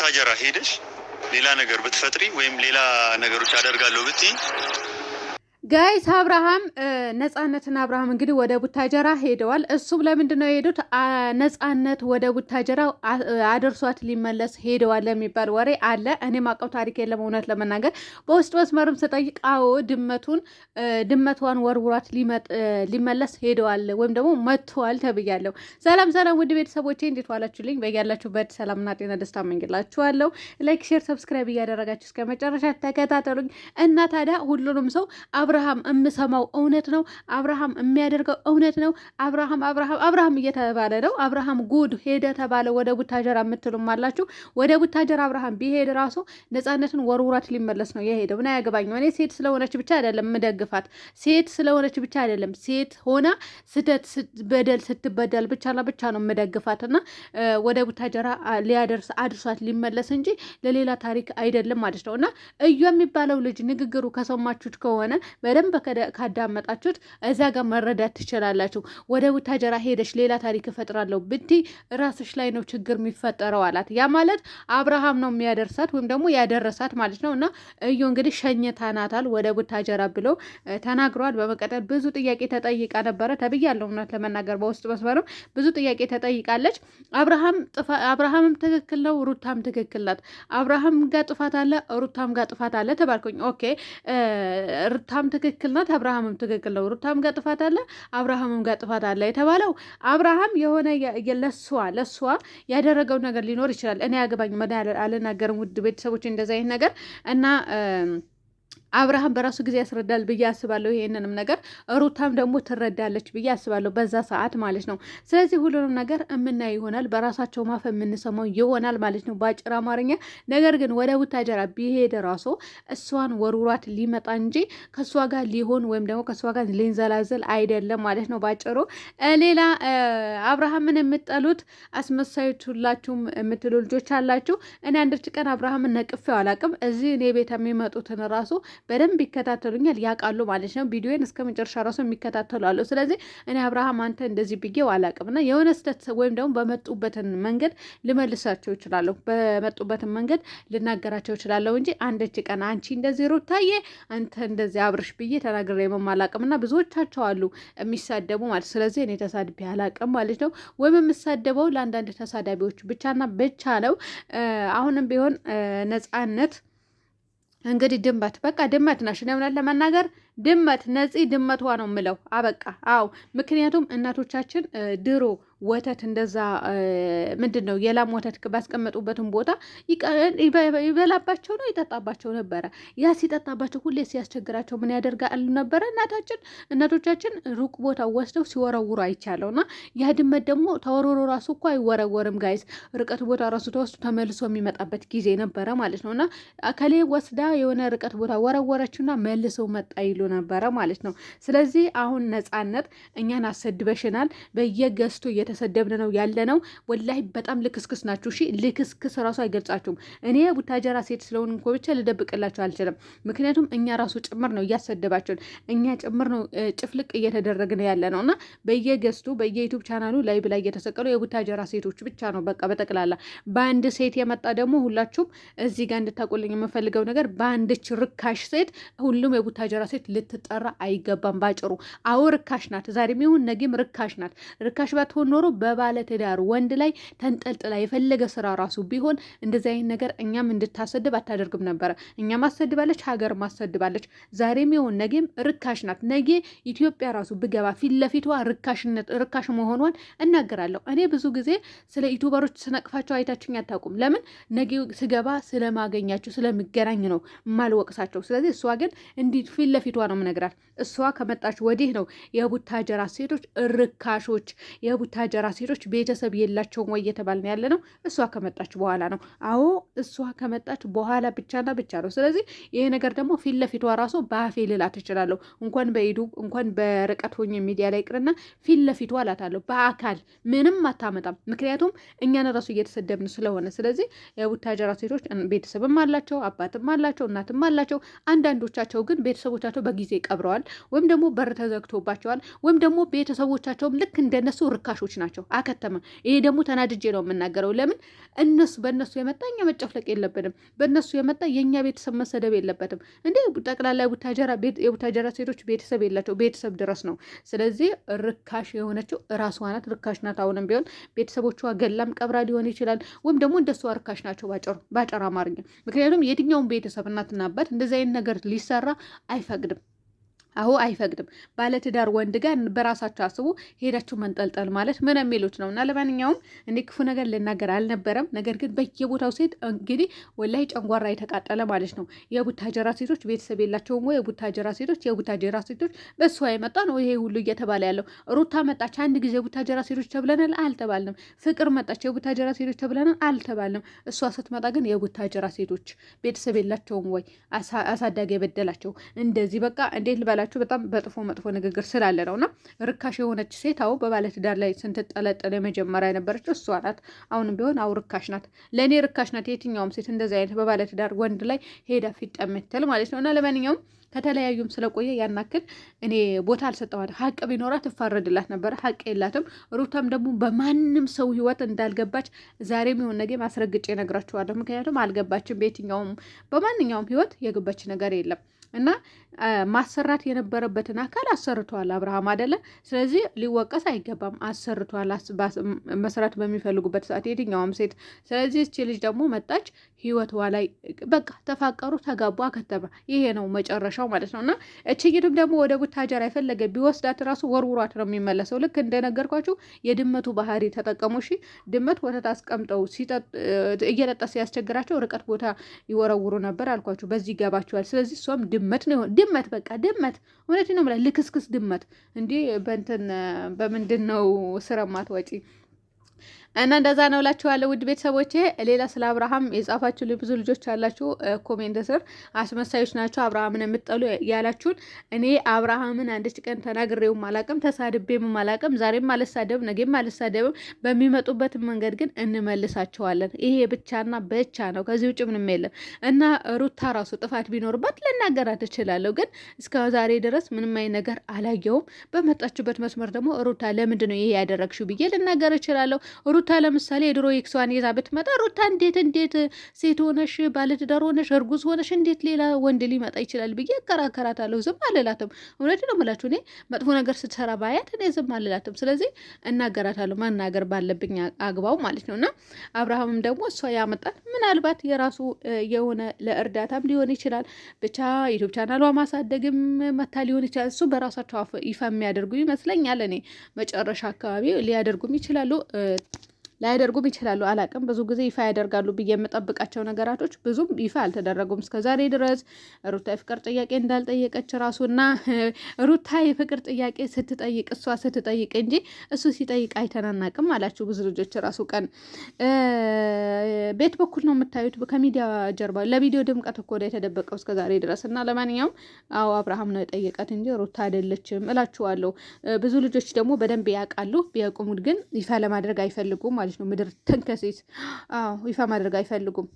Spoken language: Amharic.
ቡታጀራ ሄደሽ ሌላ ነገር ብትፈጥሪ ወይም ሌላ ነገሮች አደርጋለሁ ብትይ ጋይስ አብርሃም ነፃነትና አብርሃም እንግዲህ ወደ ቡታጀራ ሄደዋል። እሱም ለምንድን ነው የሄዱት? ነፃነት ወደ ቡታጀራ አደርሷት ሊመለስ ሄደዋል የሚባል ወሬ አለ። እኔም አውቀው ታሪክ የለም እውነት ለመናገር በውስጥ መስመርም ስጠይቅ አዎ ድመቱን ድመቷን ወርውሯት ሊመለስ ሄደዋል ወይም ደግሞ መጥተዋል ተብያለሁ። ሰላም ሰላም፣ ውድ ቤተሰቦቼ እንዴት ዋላችሁልኝ? በያላችሁበት ሰላምና ጤና ደስታ እመኝላችኋለሁ። ላይክ፣ ሼር፣ ሰብስክራይብ እያደረጋችሁ እስከ መጨረሻ ተከታተሉኝ እና ታዲያ ሁሉንም ሰው አብረ አብርሃም የምሰማው እውነት ነው፣ አብርሃም የሚያደርገው እውነት ነው፣ አብርሃም አብርሃም አብርሃም እየተባለ ነው። አብርሃም ጉድ ሄደ ተባለ። ወደ ቡታጀራ የምትሉም አላችሁ። ወደ ቡታጀራ አብርሃም ቢሄድ ራሱ ነፃነትን ወርውራት ሊመለስ ነው የሄደው። ና ያገባኝ እኔ ሴት ስለሆነች ብቻ አይደለም ምደግፋት፣ ሴት ስለሆነች ብቻ አይደለም። ሴት ሆና ስህተት በደል ስትበደል ብቻና ብቻ ነው ምደግፋት እና ወደ ቡታጀራ ሊያደርስ አድርሷት ሊመለስ እንጂ ለሌላ ታሪክ አይደለም ማለት ነው። እና እዩ የሚባለው ልጅ ንግግሩ ከሰማችሁት ከሆነ በደንብ ካዳመጣችሁት እዛ ጋር መረዳት ትችላላችሁ። ወደ ቡታጀራ ሄደሽ ሌላ ታሪክ እፈጥራለሁ ብቲ ራስሽ ላይ ነው ችግር የሚፈጠረው አላት። ያ ማለት አብርሃም ነው የሚያደርሳት ወይም ደግሞ ያደረሳት ማለት ነው። እና እዩ እንግዲህ ሸኝታናታል ወደ ቡታጀራ ብሎ ተናግረዋል። በመቀጠል ብዙ ጥያቄ ተጠይቃ ነበረ ተብያለሁ። እውነት ለመናገር በውስጥ መስመርም ብዙ ጥያቄ ተጠይቃለች። አብርሃምም ትክክል ነው፣ ሩታም ትክክል ናት። አብርሃም ጋር ጥፋት አለ፣ ሩታም ጋር ጥፋት አለ ተባልኩኝ። ኦኬ ሩታም ትክክል ናት፣ አብርሃምም ትክክል ነው። ሩታም ጋር ጥፋት አለ፣ አብርሃምም ጋር ጥፋት አለ የተባለው አብርሃም የሆነ ለሷ ለሷ ያደረገው ነገር ሊኖር ይችላል። እኔ አገባኝ መዳ አልናገርም። ውድ ቤተሰቦች እንደዚ አይነት ነገር እና አብርሃም በራሱ ጊዜ ያስረዳል ብዬ አስባለሁ። ይሄንንም ነገር ሩታም ደግሞ ትረዳለች ብዬ አስባለሁ በዛ ሰዓት ማለት ነው። ስለዚህ ሁሉንም ነገር የምናይ ይሆናል፣ በራሳቸው ማፈ የምንሰማው ይሆናል ማለት ነው በአጭር አማርኛ። ነገር ግን ወደ ቡታጀራ ቢሄድ ራሱ እሷን ወሩራት ሊመጣ እንጂ ከእሷ ጋር ሊሆን ወይም ደግሞ ከእሷ ጋር ሊንዘላዘል አይደለም ማለት ነው ባጭሩ። ሌላ አብርሃምን የምጠሉት አስመሳዮች ሁላችሁም የምትሉ ልጆች አላችሁ። እኔ አንድ ቀን አብርሃምን ነቅፌው አላቅም። እዚህ እኔ ቤት የሚመጡትን ራሱ በደንብ ይከታተሉኛል፣ ያውቃሉ ማለት ነው። ቪዲዮን እስከ መጨረሻ ራሱ የሚከታተሉ አሉ። ስለዚህ እኔ አብርሃም አንተ እንደዚህ ብዬው አላቅምና የሆነ ስህተት ወይም ደግሞ በመጡበትን መንገድ ልመልሳቸው ይችላለሁ፣ በመጡበትን መንገድ ልናገራቸው ይችላለሁ እንጂ አንደች ቀን አንቺ እንደዚህ ሩታዬ አንተ እንደዚህ አብርሽ ብዬ ተናግሬ መማላቅምና ብዙዎቻቸው አሉ የሚሳደቡ ማለት ስለዚህ እኔ ተሳድቤ አላቅም ማለት ነው። ወይም የምሳደበው ለአንዳንድ ተሳዳቢዎች ብቻና ብቻ ነው። አሁንም ቢሆን ነጻነት እንግዲህ ድመት በቃ ድመት ነሽ። እኔ እውነት ለመናገር ድመት ነፂ ድመቷ ነው የምለው። አበቃ። አዎ ምክንያቱም እናቶቻችን ድሮ ወተት እንደዛ ምንድን ነው የላም ወተት ባስቀመጡበትን ቦታ ይበላባቸው ነው ይጠጣባቸው ነበረ። ያ ሲጠጣባቸው ሁሌ ሲያስቸግራቸው ምን ያደርጋል ነበረ? እናታችን እናቶቻችን ሩቅ ቦታ ወስደው ሲወረውሩ አይቻለው አይቻለውና ያ ድመት ደግሞ ተወርሮ ራሱ እኮ አይወረወርም ጋይስ፣ ርቀት ቦታ ራሱ ተወስዶ ተመልሶ የሚመጣበት ጊዜ ነበረ ማለት ነው እና ከሌ ወስዳ የሆነ ርቀት ቦታ ወረወረችውና መልሰው መጣ ይሉ ነበረ ማለት ነው። ስለዚህ አሁን ነጻነት እኛን አሰድበሽናል በየገዝቱ እየተሰደብን ነው ያለ ነው። ወላሂ በጣም ልክስክስ ናችሁ። እሺ ልክስክስ ራሱ አይገልጻችሁም። እኔ ቡታጀራ ሴት ስለሆን እንኮ ብቻ ልደብቅላችሁ አልችልም። ምክንያቱም እኛ ራሱ ጭምር ነው እያሰደባችሁን፣ እኛ ጭምር ነው ጭፍልቅ እየተደረግን ያለ ነው እና በየገዝቱ በየዩቱብ ቻናሉ ላይ ብላ እየተሰቀሉ የቡታጀራ ሴቶች ብቻ ነው በቃ በጠቅላላ በአንድ ሴት የመጣ ደግሞ ሁላችሁም እዚህ ጋር እንድታቆልኝ የምፈልገው ነገር በአንድች ርካሽ ሴት ሁሉም የቡታጀራ ሴት ልትጠራ አይገባም። ባጭሩ አዎ ርካሽ ናት። ዛሬም ይሁን ነገም ርካሽ ናት። ርካሽ ባትሆን ኖሮ በባለ ትዳር ወንድ ላይ ተንጠልጥላ የፈለገ ስራ ራሱ ቢሆን እንደዚህ አይነት ነገር እኛም እንድታሰድብ አታደርግም ነበረ። እኛም አሰድባለች፣ ሀገር ማሰድባለች። ዛሬም ይሁን ነገም ርካሽ ናት። ነገ ኢትዮጵያ ራሱ ብገባ ፊት ለፊቷ ርካሽነት ርካሽ መሆኗን እናገራለሁ። እኔ ብዙ ጊዜ ስለ ዩቱበሮች ስነቅፋቸው አይታችኝ አታውቁም። ለምን ነገ ስገባ ስለማገኛቸው ስለሚገናኝ ነው ማልወቅሳቸው። ስለዚህ እሷ ግን እንዲህ ፊት ለፊቷ ነው ምነግራት። እሷ ከመጣች ወዲህ ነው የቡታጀራ ሴቶች ርካሾች የቡታ ቡታጀራ ሴቶች ቤተሰብ የላቸውም ወይ እየተባልን ያለ ነው። እሷ ከመጣች በኋላ ነው። አዎ እሷ ከመጣች በኋላ ብቻና ብቻ ነው። ስለዚህ ይሄ ነገር ደግሞ ፊት ለፊቷ ራሱ በአፌ ልላት እችላለሁ። እንኳን በኢዱ እንኳን በርቀት ሆኜ ሚዲያ ላይ ቅርና ፊት ለፊቷ እላታለሁ። በአካል ምንም አታመጣም። ምክንያቱም እኛን ራሱ እየተሰደብን ስለሆነ። ስለዚህ የቡታጀራ ሴቶች ቤተሰብም አላቸው፣ አባትም አላቸው፣ እናትም አላቸው። አንዳንዶቻቸው ግን ቤተሰቦቻቸው በጊዜ ቀብረዋል፣ ወይም ደግሞ በር ተዘግቶባቸዋል፣ ወይም ደግሞ ቤተሰቦቻቸውም ልክ እንደነሱ ርካሾች ናቸው። አከተመ። ይሄ ደግሞ ተናድጄ ነው የምናገረው። ለምን እነሱ በእነሱ የመጣ እኛ መጨፍለቅ የለብንም። በእነሱ የመጣ የእኛ ቤተሰብ መሰደብ የለበትም። እንደ ጠቅላላ የቡታጀራ ሴቶች ቤተሰብ የላቸው ቤተሰብ ድረስ ነው። ስለዚህ ርካሽ የሆነችው እራሷ ናት። ርካሽ ናት። አሁንም ቢሆን ቤተሰቦቿ ገላም ቀብራ ሊሆን ይችላል፣ ወይም ደግሞ እንደሷ ርካሽ ናቸው ባጭር አማርኛ። ምክንያቱም የትኛውን ቤተሰብ እናትና አባት እንደዚህ አይነት ነገር ሊሰራ አይፈቅድም። አሁ አይፈቅድም። ባለትዳር ወንድ ጋር በራሳቸው አስቡ ሄዳችሁ መንጠልጠል ማለት ምን የሚሉት ነው? እና ለማንኛውም እኔ ክፉ ነገር ልናገር አልነበረም። ነገር ግን በየቦታው ሴት እንግዲህ ወላይ ጨንጓራ የተቃጠለ ማለት ነው። የቡታጀራ ሴቶች ቤተሰብ የላቸውም ወይ? የቡታጀራ ሴቶች የቡታጀራ ሴቶች በእሷ የመጣ ነው ይሄ ሁሉ እየተባለ ያለው። ሩታ መጣች አንድ ጊዜ የቡታጀራ ሴቶች ተብለናል አልተባልንም። ፍቅር መጣች የቡታጀራ ሴቶች ተብለናል አልተባልንም። እሷ ስትመጣ ግን የቡታጀራ ሴቶች ቤተሰብ የላቸውም ወይ? አሳዳጊ የበደላቸው እንደዚህ በቃ እንዴት ልበላ ካላችሁ በጣም በጥፎ መጥፎ ንግግር ስላለ ነው። እና ርካሽ የሆነች ሴት አዎ በባለትዳር ላይ ስንትጠለጠለ የመጀመሪያ የነበረችው እሷ ናት። አሁንም ቢሆን አሁ ርካሽ ናት፣ ለእኔ ርካሽ ናት። የትኛውም ሴት እንደዚህ አይነት በባለትዳር ወንድ ላይ ሄዳ ፊት ጠምትል ማለት ነው። እና ለማንኛውም ከተለያዩም ስለቆየ ያናክል እኔ ቦታ አልሰጠዋል። ሀቅ ቢኖራት ትፋረድላት ነበረ፣ ሀቅ የላትም። ሩታም ደግሞ በማንም ሰው ህይወት እንዳልገባች ዛሬም ይሁን ነገ ማስረግጬ ነግራችኋለሁ። ምክንያቱም አልገባችም። በየትኛውም በማንኛውም ህይወት የገባች ነገር የለም። እና ማሰራት የነበረበትን አካል አሰርቷል አብርሃም አደለ። ስለዚህ ሊወቀስ አይገባም። አሰርተዋል መስራት በሚፈልጉበት ሰዓት የትኛውም ሴት። ስለዚህ እቺ ልጅ ደግሞ መጣች ህይወትዋ ላይ በቃ ተፋቀሩ፣ ተጋቡ፣ አከተመ። ይሄ ነው መጨረሻው ማለት ነው እና እችይቱም ደግሞ ወደ ቡታጀራ የፈለገ ቢወስዳት ራሱ ወርውሯት ነው የሚመለሰው። ልክ እንደነገርኳችሁ የድመቱ ባህሪ ተጠቀሙ። እሺ ድመት ወተት አስቀምጠው እየጠጣ ሲያስቸግራቸው ርቀት ቦታ ይወረውሩ ነበር አልኳችሁ። በዚህ ይገባችኋል። ስለዚህ እሷም ድመት ነው ድመት በቃ ድመት እውነት ነው ብላ ልክስክስ ድመት እንዲህ በእንትን በምንድን ነው ስረማት ወጪ እና እንደዛ ነው እላችኋለሁ ውድ ቤተሰቦቼ። ሌላ ስለ አብርሃም የጻፋችሁ ብዙ ልጆች ያላችሁ ኮሜንት ስር አስመሳዮች ናቸው አብርሃምን የምትጠሉ ያላችሁን፣ እኔ አብርሃምን አንድች ቀን ተናግሬውም አላቅም፣ ተሳድቤም አላቅም። ዛሬም አልሳደብም፣ ነገም አልሳደብም። በሚመጡበት መንገድ ግን እንመልሳቸዋለን። ይሄ ብቻና ብቻ ነው። ከዚህ ውጭ ምንም የለም። እና ሩታ ራሱ ጥፋት ቢኖርባት ልናገራት እችላለሁ፣ ግን እስከ ዛሬ ድረስ ምንም አይ ነገር አላየውም። በመጣችበት መስመር ደግሞ ሩታ ለምንድን ነው ይሄ ያደረግሽው ብዬ ልናገር እችላለሁ። ሩታ ለምሳሌ የድሮ ኤክሷን ይዛ ብትመጣ ሩታ እንዴት እንዴት ሴት ሆነሽ ባለትዳር ሆነሽ እርጉዝ ሆነሽ እንዴት ሌላ ወንድ ሊመጣ ይችላል ብዬ እከራከራታለሁ። ዝም አልላትም። እውነት ነው የምላችሁ። እኔ መጥፎ ነገር ስትሰራ ባያት እኔ ዝም አልላትም። ስለዚህ እናገራታለሁ፣ መናገር ባለብኝ አግባው ማለት ነው። እና አብርሃምም ደግሞ እሷ ያመጣል ምናልባት የራሱ የሆነ ለእርዳታም ሊሆን ይችላል። ብቻ ዩቱብ ቻናሏ ማሳደግም መታ ሊሆን ይችላል። እሱ በራሳቸው ይፋ የሚያደርጉ ይመስለኛል። እኔ መጨረሻ አካባቢ ሊያደርጉም ይችላሉ። ላያደርጉም ይችላሉ። አላቅም ብዙ ጊዜ ይፋ ያደርጋሉ ብዬ የምጠብቃቸው ነገራቶች ብዙም ይፋ አልተደረጉም እስከዛሬ ድረስ። ሩታ የፍቅር ጥያቄ እንዳልጠየቀች ራሱና ሩታ የፍቅር ጥያቄ ስትጠይቅ እሷ ስትጠይቅ እንጂ እሱ ሲጠይቅ አይተናናቅም አላችሁ ብዙ ልጆች። ራሱ ቀን ቤት በኩል ነው የምታዩት ከሚዲያ ጀርባ ለቪዲዮ ድምቀት እኮ የተደበቀው እስከዛሬ ድረስ እና ለማንኛውም አዎ አብርሃም ነው የጠየቀት እንጂ ሩታ አይደለችም እላችኋለሁ። ብዙ ልጆች ደግሞ በደንብ ያውቃሉ። ቢያውቁሙት ግን ይፋ ለማድረግ አይፈልጉም። ማለት ነው። ምድር ተንከሴት ይፋ ማድረግ አይፈልጉም።